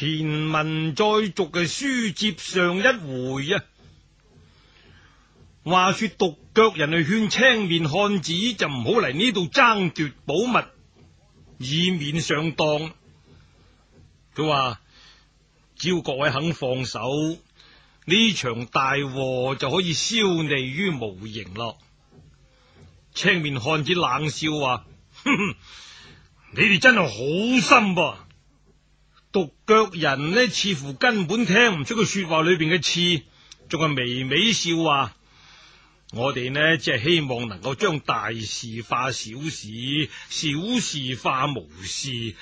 前文再續嘅書接上一回啊，話說獨腳人去勸青面漢子就唔好嚟，呢度爭奪寶物，以免上當。佢話：，只要各位肯放手，呢場大禍就可以消弭於無形咯。青面漢子冷笑話：， 哼哼，你哋真係好心噃。獨腳人呢，似乎根本聽唔出佢說話裏邊嘅刺，仲係微微笑話。我哋呢，只係希望能夠將大事化小事，小事化無事，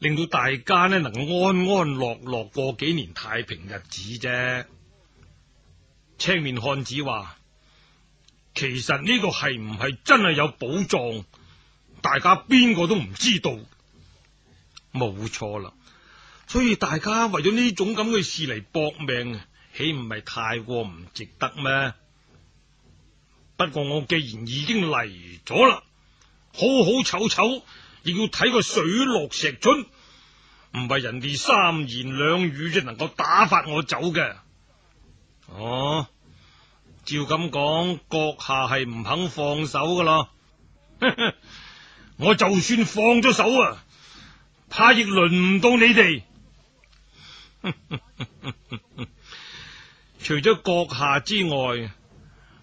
令到大家呢能安安樂樂過幾年太平日子啫。青面漢子話：，其實呢個係唔係真係有寶藏，大家邊個都唔知道。冇錯啦。所以大家為咗呢種咁嘅事嚟搏命，豈唔係太過唔值得咩？不過我既然已經嚟咗啦，好好醜醜，亦要睇個水落石出，唔係人哋三言兩語就能夠打發我走嘅。哦，照咁講，閣下係唔肯放手噶啦。 我就算放咗手啊，怕亦輪唔到你哋。 除咗閣下之外，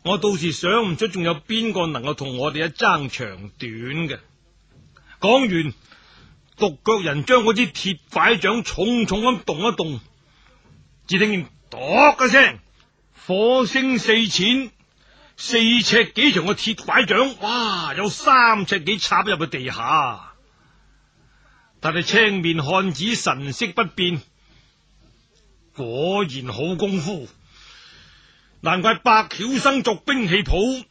我到時想唔出仲有邊個能夠同我哋一爭長短嘅。講完，獨腳人將嗰支鐵拐杖重重咁動一動，只聽見剁一聲，火星四濺，四尺幾長嘅鐵拐杖，哇，有三尺幾插入去地下。但係青面漢子神色不變。果然好功夫，難怪白曉生作兵器譜，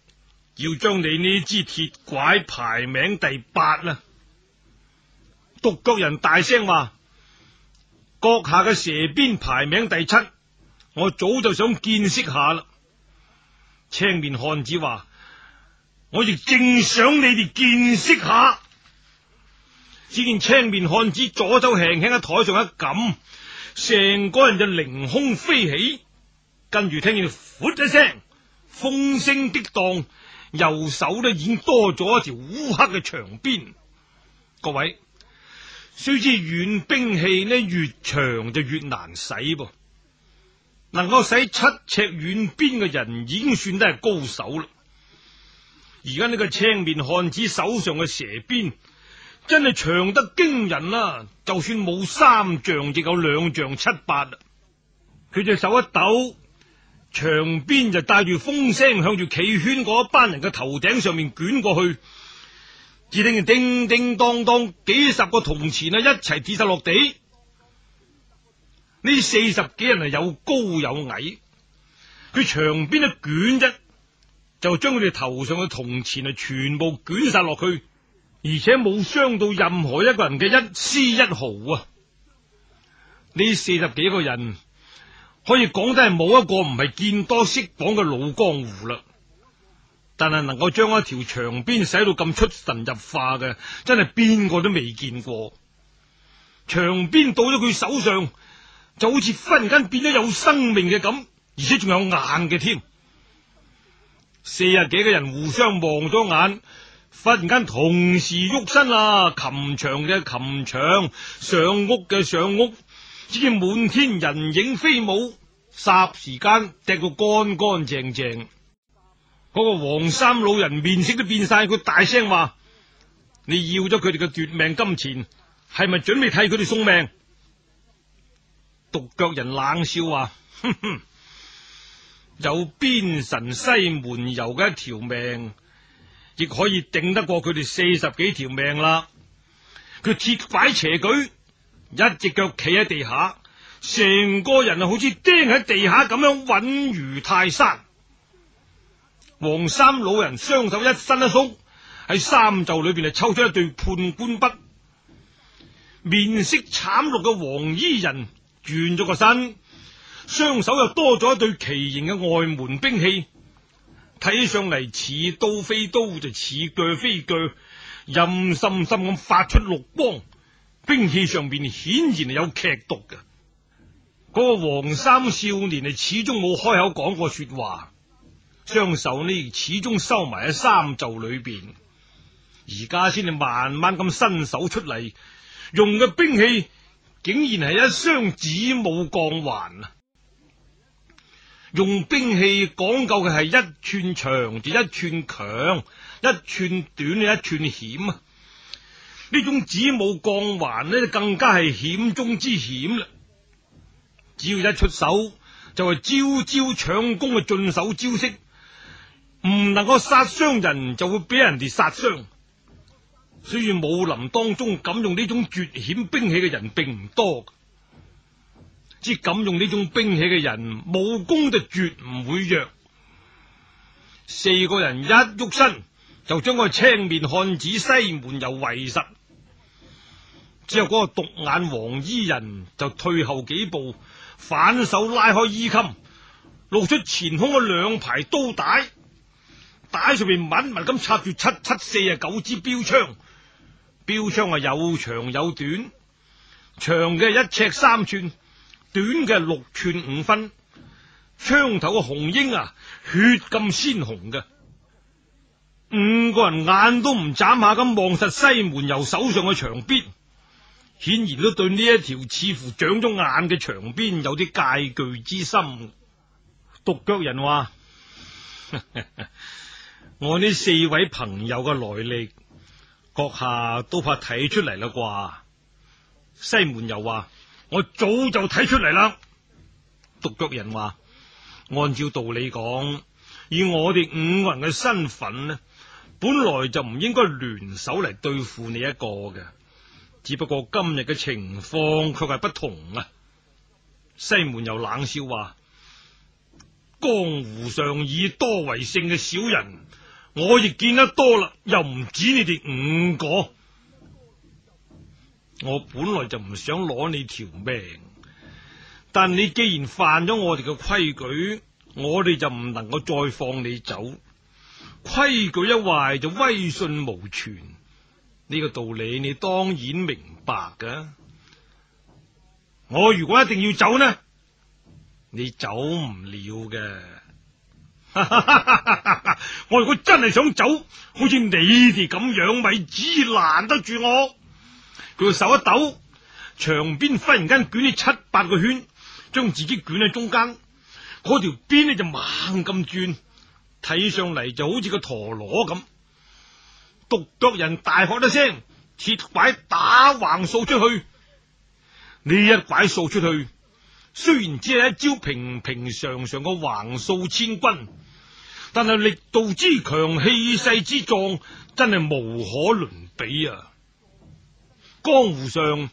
要將你呢支鐵拐排名第八啦。獨腳人大聲話：閣下嘅蛇鞭排名第七，我早就想見識下啦。青面漢子話：我亦正想你哋見識下。只見青面漢子左手輕輕喺台上一撳。成個人就凌空飛起，跟住聽見噗一聲，風聲激盪，右手咧，已經多咗一條烏黑嘅長鞭。各位，須知軟兵器呢，越長就越難使噃，能夠使七尺軟鞭嘅人已經算得係高手啦。而家呢個青面漢子手上嘅蛇鞭，真係長得驚人啦，啊！就算冇三丈，亦有兩丈七八。啊。佢隻手一抖，長鞭就帶住風聲向住企圈嗰一班人嘅頭頂上面捲過去。只聽見叮叮當當，幾十個銅錢啊，一齊跌晒落地。呢四十幾人啊，有高有矮，佢長鞭一捲啫，就將佢哋頭上嘅銅錢啊，全部捲晒落去。而且冇傷到任何一個人嘅一絲一毫啊！呢四十幾個人可以講得係冇一個唔係見多識廣嘅老江湖嘞，但係能夠將一條長鞭使到咁出神入化嘅，真係邊個都未見過。長鞭到咗佢手上，就好似忽然間變咗有生命嘅咁，而且仲有硬嘅添。四十幾個人互相望咗眼。忽然間同時喐身啦、啊，琴場嘅琴場，上屋嘅上屋，只見滿天人影飛舞，霎時間踢到乾乾淨淨。嗰、那個黃衫老人面色都變晒，佢大聲話：你要咗佢哋嘅奪命金錢，係咪準備替佢哋送命？獨腳人冷笑話：，哼哼，有邊城西門游嘅一條命。亦可以頂得過佢哋四十幾條命啦！佢鐵拐斜舉，一隻腳企喺地下，成個人啊，好似釘喺地下咁樣，穩如泰山。黃衫老人雙手一伸一縮，喺衫袖裏邊就抽出一對判官筆。面色慘綠嘅黃衣人轉咗個身，雙手又多咗一對奇形嘅外門兵器。睇上嚟似刀非刀，就似鋸非鋸，陰森森咁發出綠光，兵器上邊顯然係有劇毒嘅。嗰、那個黃衫少年係始終冇開口講過說話，雙手呢始終收埋喺衫袖裏邊，而家先至慢慢咁伸手出嚟，用嘅兵器竟然係一雙子母鋼環。用兵器講究嘅係一寸長就一寸強，一寸短就一寸險啊！呢種子母降環呢，更加係險中之險啦。只要一出手，就係招招搶攻嘅進手招式，唔能夠殺傷人，就會俾人哋殺傷。雖然武林當中敢用呢種絕險兵器嘅人，並唔多。只敢用呢種兵器嘅人，武功就絕唔會弱。四個人一喐身，就將個青面漢子西門又圍實。之後嗰個獨眼黃衣人就退後幾步，反手拉開衣襟，露出前胸嘅兩排刀帶，帶上面密密咁插住七七四啊九支標槍，標槍啊有長有短，長嘅一尺三寸。短嘅六寸五分，槍頭嘅紅纓啊，血咁鮮紅嘅。五個人眼都唔眨下咁望實西門游手上嘅長鞭，顯然都對呢一條似乎長咗眼嘅長鞭有啲戒懼之心。獨腳人話： 我呢四位朋友嘅來歷，閣下都怕睇出嚟啦啩？西門游話。我早就睇出嚟啦！獨腳人話，按照道理講，以我哋五個人嘅身份呢，本來就唔應該聯手嚟對付你一個嘅。只不過今日嘅情況卻係不同啊！西門又冷笑話，江湖上以多為勝嘅小人，我亦見得多啦，又唔止你哋五個。我本來就唔想攞你條命，但你既然犯咗我哋嘅規矩，我哋就唔能夠再放你走。規矩一壞就威信無存，呢個道理你當然明白噶。我如果一定要走呢，你走唔了嘅。哈哈哈哈哈，我如果真係想走，好似你哋咁樣，咪只攔得住我。佢個手一抖，長鞭忽然間捲起七八個圈，將自己捲喺中間。嗰條鞭呢就猛咁轉，睇上嚟就好似個陀螺咁。獨腳人大喝一聲，鐵拐打橫掃出去。呢一拐掃出去，雖然只係一招平平常常嘅橫掃千軍，但係力度之強、氣勢之壯，真係無可倫比啊！江湖上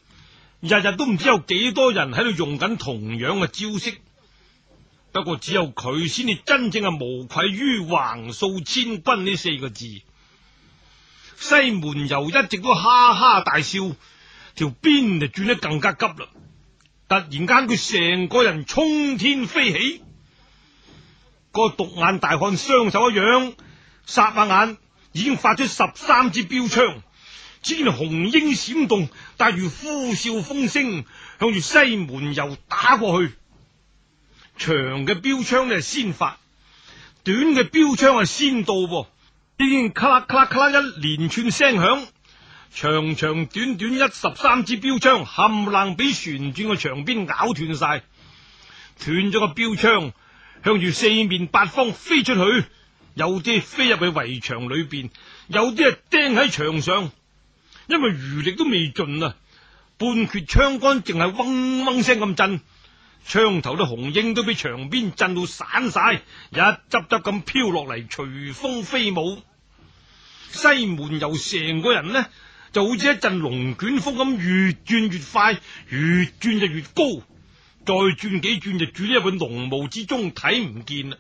日日都唔知有幾多人喺度用緊同樣嘅招式，不過只有佢先至真正係無愧於橫掃千軍呢四個字。西門游一直都哈哈大笑，條鞭就轉得更加急啦。突然間，佢成個人衝天飛起，個獨眼大漢雙手一揚，眨下眼已經發出十三支標槍。只見紅纓閃動，帶住呼嘯風聲向住西門游，打過去。長嘅標槍呢係先發，短嘅標槍係先到。已經咔啦咔啦咔啦一連串聲響，長長短短一十三支標槍冚唪唥俾旋轉個長鞭咬斷晒，斷咗個標槍向住四面八方飛出去，有啲飛入去圍牆裏邊，有啲係釘喺牆上。因為餘力都未盡啊，半截槍杆淨係嗡嗡聲咁震，槍頭嘅紅纓都俾牆邊震到散晒，一執執咁飄落嚟，隨風飛舞。西門由成個人呢，就好似一陣龍捲風咁，越轉越快，越轉就越高，再轉幾轉就轉入個濃霧之中，睇唔見啦。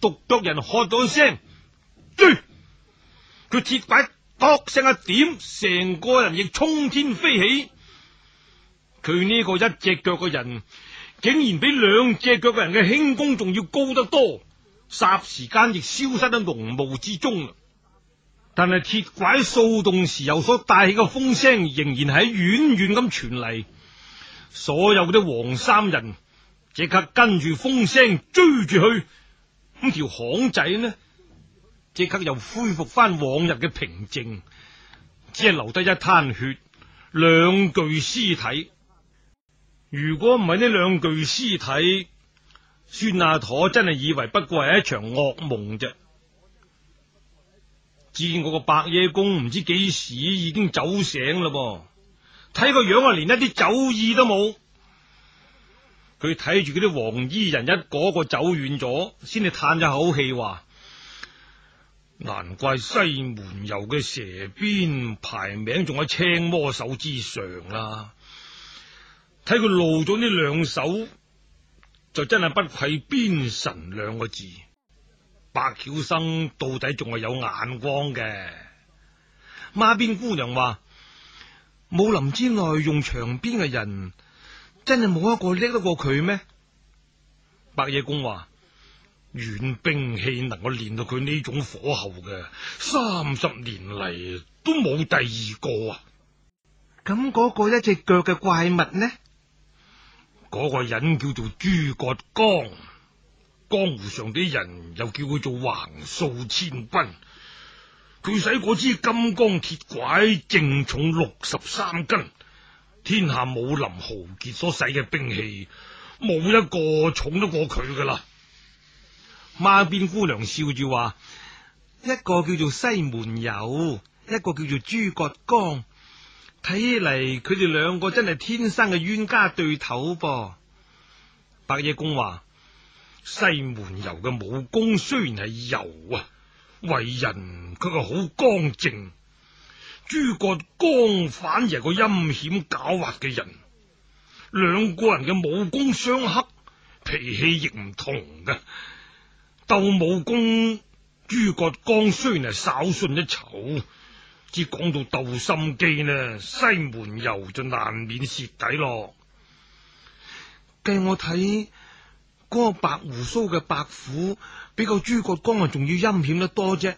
獨腳人喝咗聲，追佢鐵拐。噏聲一、啊、點，成個人亦衝天飛起。佢呢個一隻腳嘅人，竟然比兩隻腳嘅人嘅輕功仲要高得多。霎時間亦消失喺濃霧之中啦。但係鐵拐掃動時候所帶起嘅風聲，仍然喺遠遠咁傳嚟。所有啲黃衫人即刻跟住風聲追住去。咁條巷仔呢？即刻又恢復翻往日嘅平靜，只係留低一灘血、兩具屍體。如果唔係呢兩具屍體，孫阿駝真係以為不過係一場噩夢啫。只見我個白夜公唔知幾時已經酒醒啦噃，睇個樣啊，連一啲酒意都冇。佢睇住嗰啲黃衣人一嗰個，個走遠咗，先至嘆咗口氣話。難怪西門游嘅蛇鞭排名仲喺青魔手之上啦，啊！睇佢露咗呢兩手，就真係不愧鞭神兩個字。白曉生到底仲係有眼光嘅。孖邊姑娘話：武林之內用長鞭嘅人，真係冇一個叻得過佢咩？白夜公話。軟兵器能夠練到佢呢種火候嘅，三十年嚟都冇第二個啊！咁嗰個一隻腳嘅怪物呢？嗰個人叫做諸葛剛，江湖上啲人又叫佢做橫掃千軍。佢使嗰支金剛鐵拐，正重六十三斤，天下武林豪傑所使嘅兵器，冇一個重得過佢噶啦。孖辮姑娘笑住話：一個叫做西門游，一個叫做諸葛剛。睇嚟佢哋兩個真係天生嘅冤家對頭噃。白夜公話：西門游嘅武功雖然係柔啊，為人佢係好乾淨；諸葛剛反而係個陰險狡猾嘅人。兩個人嘅武功相克，脾氣亦唔同噶。鬥武功，諸葛光雖然係稍遜一籌，只講到鬥心機呢，西門柔就難免蝕底咯。計我睇嗰個白鬍鬚嘅白虎，比嗰個諸葛光啊仲要陰險得多啫。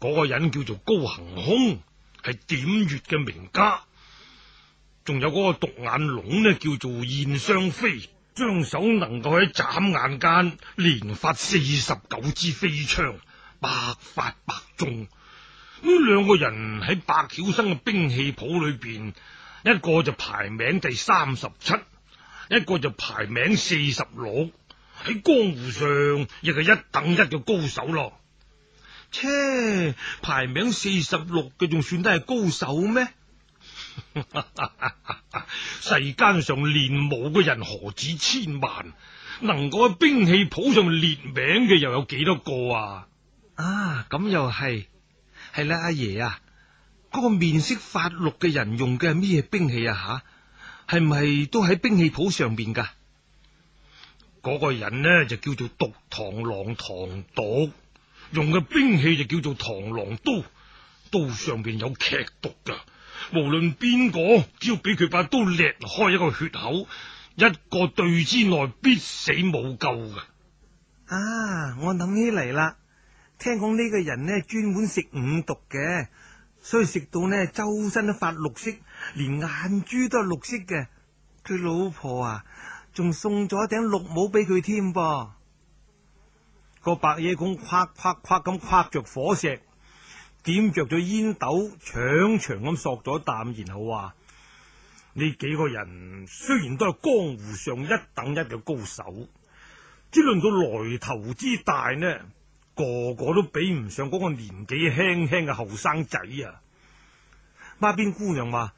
嗰個人叫做高行空，係點穴嘅名家。仲有嗰個獨眼龍呢，叫做燕雙飛。雙手能夠喺眨眼間連發四十九支飛槍，百發百中。咁兩個人喺百曉生嘅兵器譜裏邊，一個就排名第三十七，一個就排名四十六。喺江湖上亦係一等一嘅高手咯。切，排名四十六嘅仲算得係高手咩？ 世間上練武嘅人何止千萬，能夠喺兵器譜上列名嘅又有幾多個啊？啊，咁又係係啦，阿爺啊，嗰、嗰個面色發綠嘅人用嘅係咩兵器啊？吓，係唔係都喺兵器譜上邊噶？嗰個人呢就叫做毒螳螂，螳毒用嘅兵器就叫做螳螂刀，刀上邊有劇毒噶。無論邊個，只要俾佢把刀裂開一個血口，一個隊之內必死冇救嘅。啊！我諗起嚟啦，聽講呢個人呢專門食五毒嘅，所以食到呢周身都發綠色，連眼珠都係綠色嘅。佢老婆啊，仲送咗一頂綠帽俾佢添噃。個白野公啪啪啪咁拍着火石。點着咗煙斗，長長咁索咗一啖，然後話：呢幾個人雖然都係江湖上一等一嘅高手，只論到來頭之大呢，個個都比唔上嗰個年紀輕輕嘅後生仔啊！馬鞭姑娘話：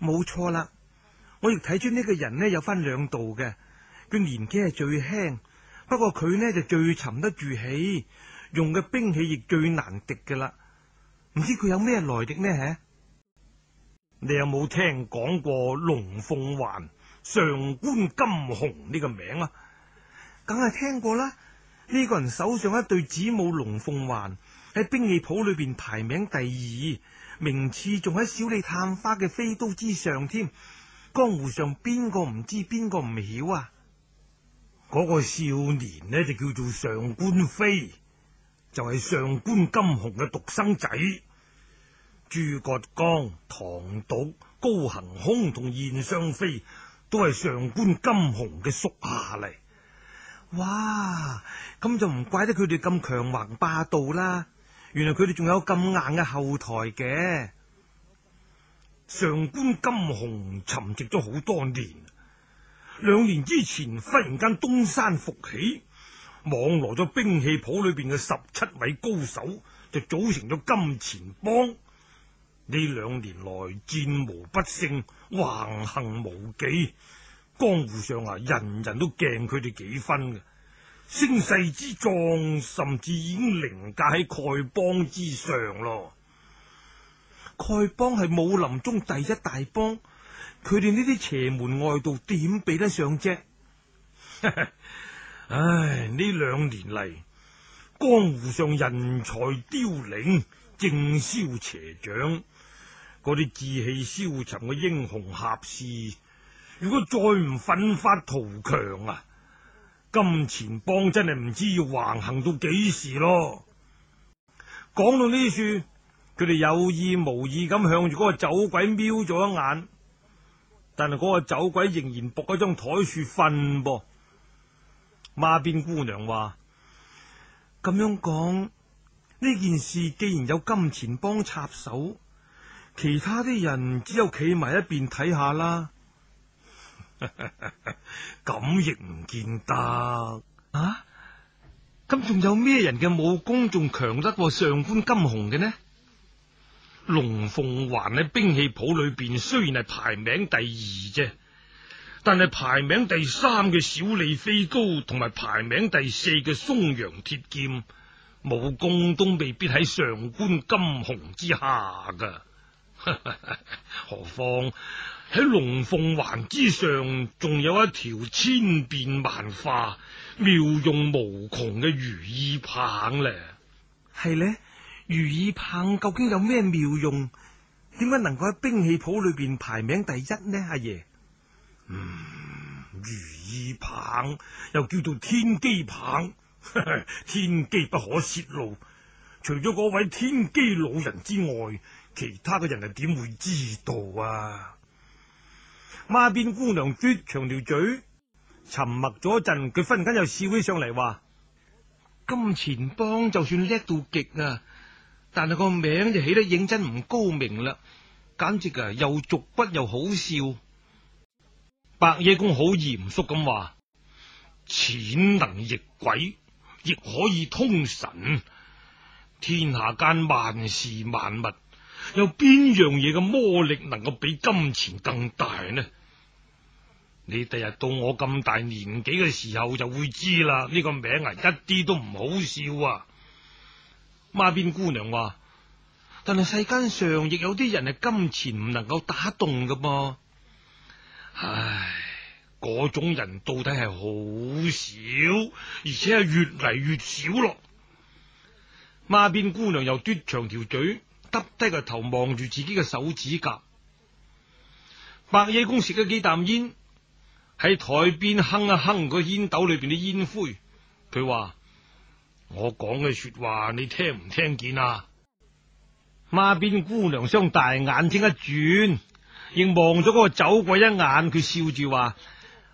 冇錯啦，我亦睇出呢個人呢有分兩度嘅，佢年紀係最輕，不過佢呢就最沉得住氣，用嘅兵器亦最難敵噶啦。唔知佢有咩來歷呢？吓，你有冇聽講過龍鳳環上官金鴻呢個名啊？梗係聽過啦！呢個人手上一對子母龍鳳環喺兵器譜裏邊排名第二，名次仲喺小李探花嘅飛刀之上添。江湖上邊個唔知邊個唔曉啊？嗰個少年呢就叫做上官飛，就係上官金鴻嘅獨生仔，朱葛江、唐島、高行空同燕雙飛都係上官金鴻嘅屬下嚟。哇！咁就唔怪得佢哋咁強橫霸道啦。原來佢哋仲有咁硬嘅後台嘅。上官金鴻沉寂咗好多年，兩年之前忽然間東山復起。網羅咗兵器譜裏邊嘅十七位高手，就組成咗金錢幫。呢兩年來戰無不勝，橫行無忌，江湖上啊人人都驚佢哋幾分嘅，聲勢之壯，甚至已經凌駕喺丐幫之上咯。丐幫係武林中第一大幫，佢哋呢啲邪門外道點比得上啫？ 唉，呢兩年嚟，江湖上人才凋零，正消邪長，嗰啲志氣消沉嘅英雄俠士，如果再唔奮發圖強啊，金錢幫真係唔知要橫行到幾時咯。講到呢處，佢哋有意無意咁向住嗰個酒鬼瞄咗一眼，但係嗰個酒鬼仍然伏喺張台處瞓噃。馬鞭姑娘話：咁樣講，呢件事既然有金錢幫插手，其他啲人只有企埋一邊睇下啦。咁亦唔見得啊！咁仲有咩人嘅武功仲強得過上官金鴻嘅呢？龍鳳環喺兵器譜裏邊雖然係排名第二啫。但係排名第三嘅小李飛刀，同埋排名第四嘅松陽鐵劍，武功都未必喺上官金鴻之下噶。 何況喺龍鳳環之上，仲有一條千變萬化、妙用無窮嘅如意棒呢？係呢？如意棒究竟有咩妙用？點解能夠喺兵器譜裏邊排名第一呢？阿、啊、爺？嗯，如意棒又叫做天機棒， 天機不可泄露。除咗位天機老人之外，其他嘅人又點會知道啊？孖辮姑娘嘟長條嘴，沉默咗一陣，佢忽然間又笑起上嚟，話：金錢幫就算叻到極啊，但係個名就起得認真唔高明啦，簡直啊又俗骨又好笑。白爺公好嚴肅咁話：錢能役鬼，亦可以通神。天下間萬事萬物，有邊樣嘢嘅魔力能夠比金錢更大呢？你第日到我咁大年紀嘅時候，就會知啦。呢個名啊，一啲都唔好笑啊！媽邊姑娘話：但係世間上亦有啲人係金錢唔能夠打動嘅噃。唉，嗰種人到底係好少，而且係越嚟越少咯。孖邊姑娘又嘟長條嘴，耷低個頭望住自己嘅手指甲。白夜公食咗幾啖煙，喺台邊哼一哼個煙斗裏邊啲煙灰。佢話：我講嘅說話，你聽唔聽見啊？孖邊姑娘雙大眼睛一轉。應望咗嗰個酒鬼一眼，佢笑住話：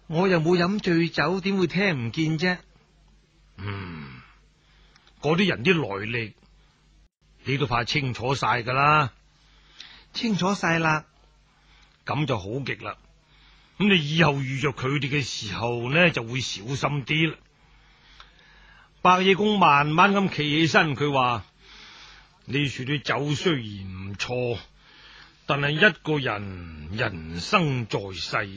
我又冇飲醉酒，點會聽唔見啫？嗯，嗰啲人啲來歷，你都怕清楚晒噶啦，清楚晒啦，咁就好極啦。咁你以後遇着佢哋嘅時候呢，就會小心啲啦。白夜公慢慢咁企起身，佢話：你處啲酒雖然唔錯。但係一個人人生在世，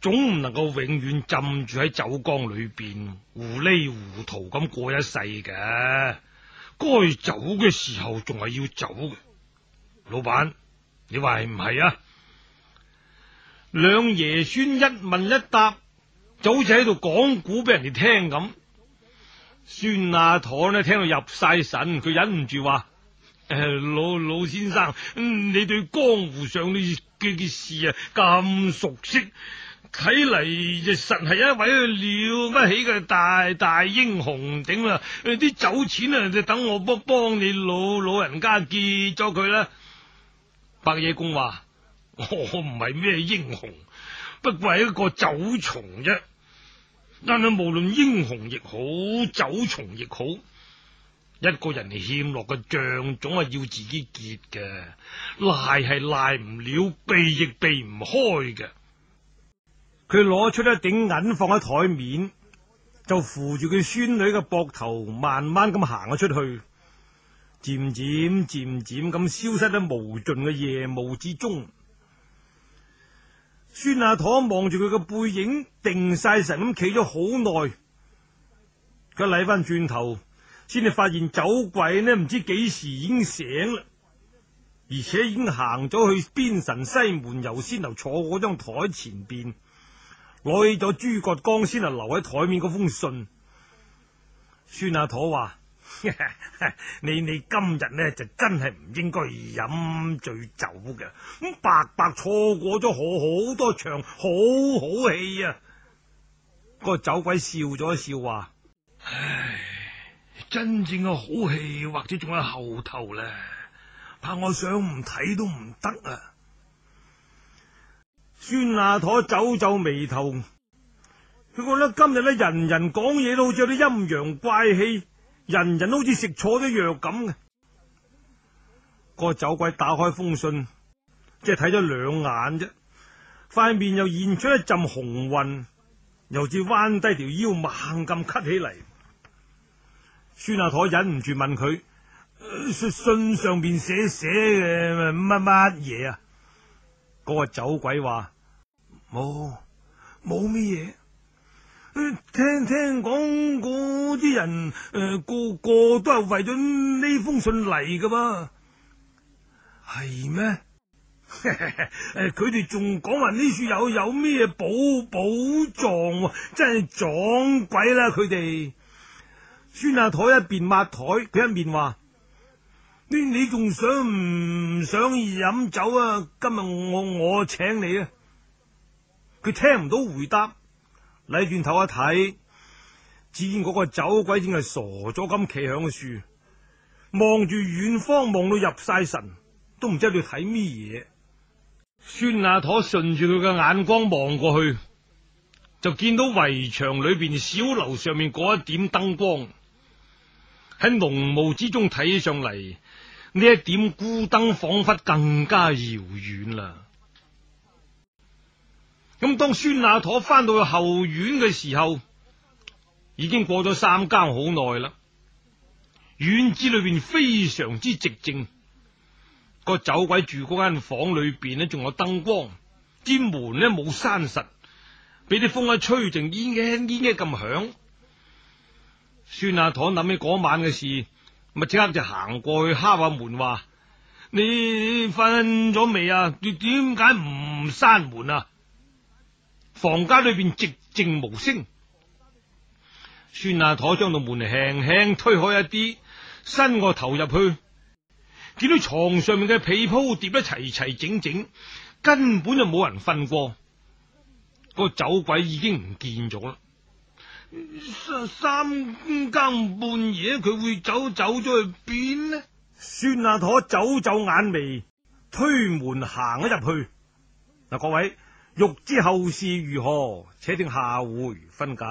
總唔能夠永遠浸住喺酒缸裏邊糊裏糊塗咁過一世嘅，該走嘅時候仲係要走。老闆，你話係唔係啊？兩爺孫一問一答，就好似喺度講古俾人哋聽咁。孫阿駝呢，聽到入晒神，佢忍唔住話。老老先生，嗯，你對江湖上呢嘅嘅事啊咁熟悉，睇嚟就實係一位了不起嘅大大英雄，頂啦、啊！啲、呃、酒錢啊，就等我幫幫你老老人家結咗佢啦。白夜公話：我唔係咩英雄，不過係一個酒蟲啫。但係無論英雄亦好，酒蟲亦好。一個人欠落嘅賬總係要自己結嘅，賴係賴唔了，避亦避唔開嘅。佢攞出一頂銀放喺枱面，就扶住佢孫女嘅膊頭，慢慢咁行咗出去，漸漸漸漸咁消失喺無盡嘅夜霧之中。孫阿駝，望住佢嘅背影，定晒神咁企咗好耐，佢嚟返轉頭，先至發現酒鬼呢，唔知幾時已經醒啦，而且已經行咗去邊神西門，由先頭坐嗰張台前邊，攞起咗朱葛光先留喺台面嗰封信。孫阿駝話：， 你你今日呢就真係唔應該飲醉酒嘅，咁白白錯過咗好，好好多場好好戲啊！嗰、那個酒鬼笑咗一笑話：，唉。真正嘅好戲或者仲喺後頭咧，怕我想唔睇都唔得啊！孫阿妥皺皺眉頭，佢覺得今日咧人人講嘢都好似有啲陰陽怪氣，人人都好似食錯咗藥咁嘅。個酒鬼打開封信，即係睇咗兩眼啫，塊面又現出一陣紅暈，又似彎低條腰猛咁咳，咳，咳起嚟。孫阿台忍唔住問佢、呃：信上邊寫寫嘅乜乜嘢啊？嗰、那個酒鬼話：冇冇乜嘢？聽聽講嗰啲人，誒、呃、個個都係為咗呢封信嚟噶嘛？係咩？佢哋仲講話呢處有有咩寶寶藏、啊？真係撞鬼啦！佢哋。孫阿駝一邊抹台，佢一邊話：你你仲想唔想飲酒啊？今日我我請你啊！佢聽唔到回答，禮轉頭一睇，只見嗰個酒鬼正係傻咗咁企喺個樹，望住遠方，望到入晒神，都唔知佢睇咩嘢。孫阿駝順住佢嘅眼光望過去，就見到圍牆裏邊小樓上面嗰一點燈光。喺濃霧之中睇上嚟，呢一點孤燈仿佛更加遙遠啦。咁當孫亞妥翻到去後院嘅時候，已經過咗三更好耐啦。院子裏邊非常之寂靜，個酒鬼住嗰間房裏邊咧，仲有燈光，啲門咧冇閂實，俾啲風一吹，成煙煙煙嘅咁響。孫阿駝諗起嗰晚嘅事，咪即刻就行過去敲下門話：你瞓咗未啊？你點解唔閂門啊？房間裏邊寂靜無聲，孫阿駝將個門輕輕推開一啲，伸個頭入去，見到床上面嘅被鋪疊得齊齊整整，根本就冇人瞓過，嗰、那個酒鬼已經唔見咗啦。三更半夜佢會走，走咗去邊呢？孫阿陀皺皺眼眉，推門行咗入去。嗱，各位欲知後事如何，且聽下回分解。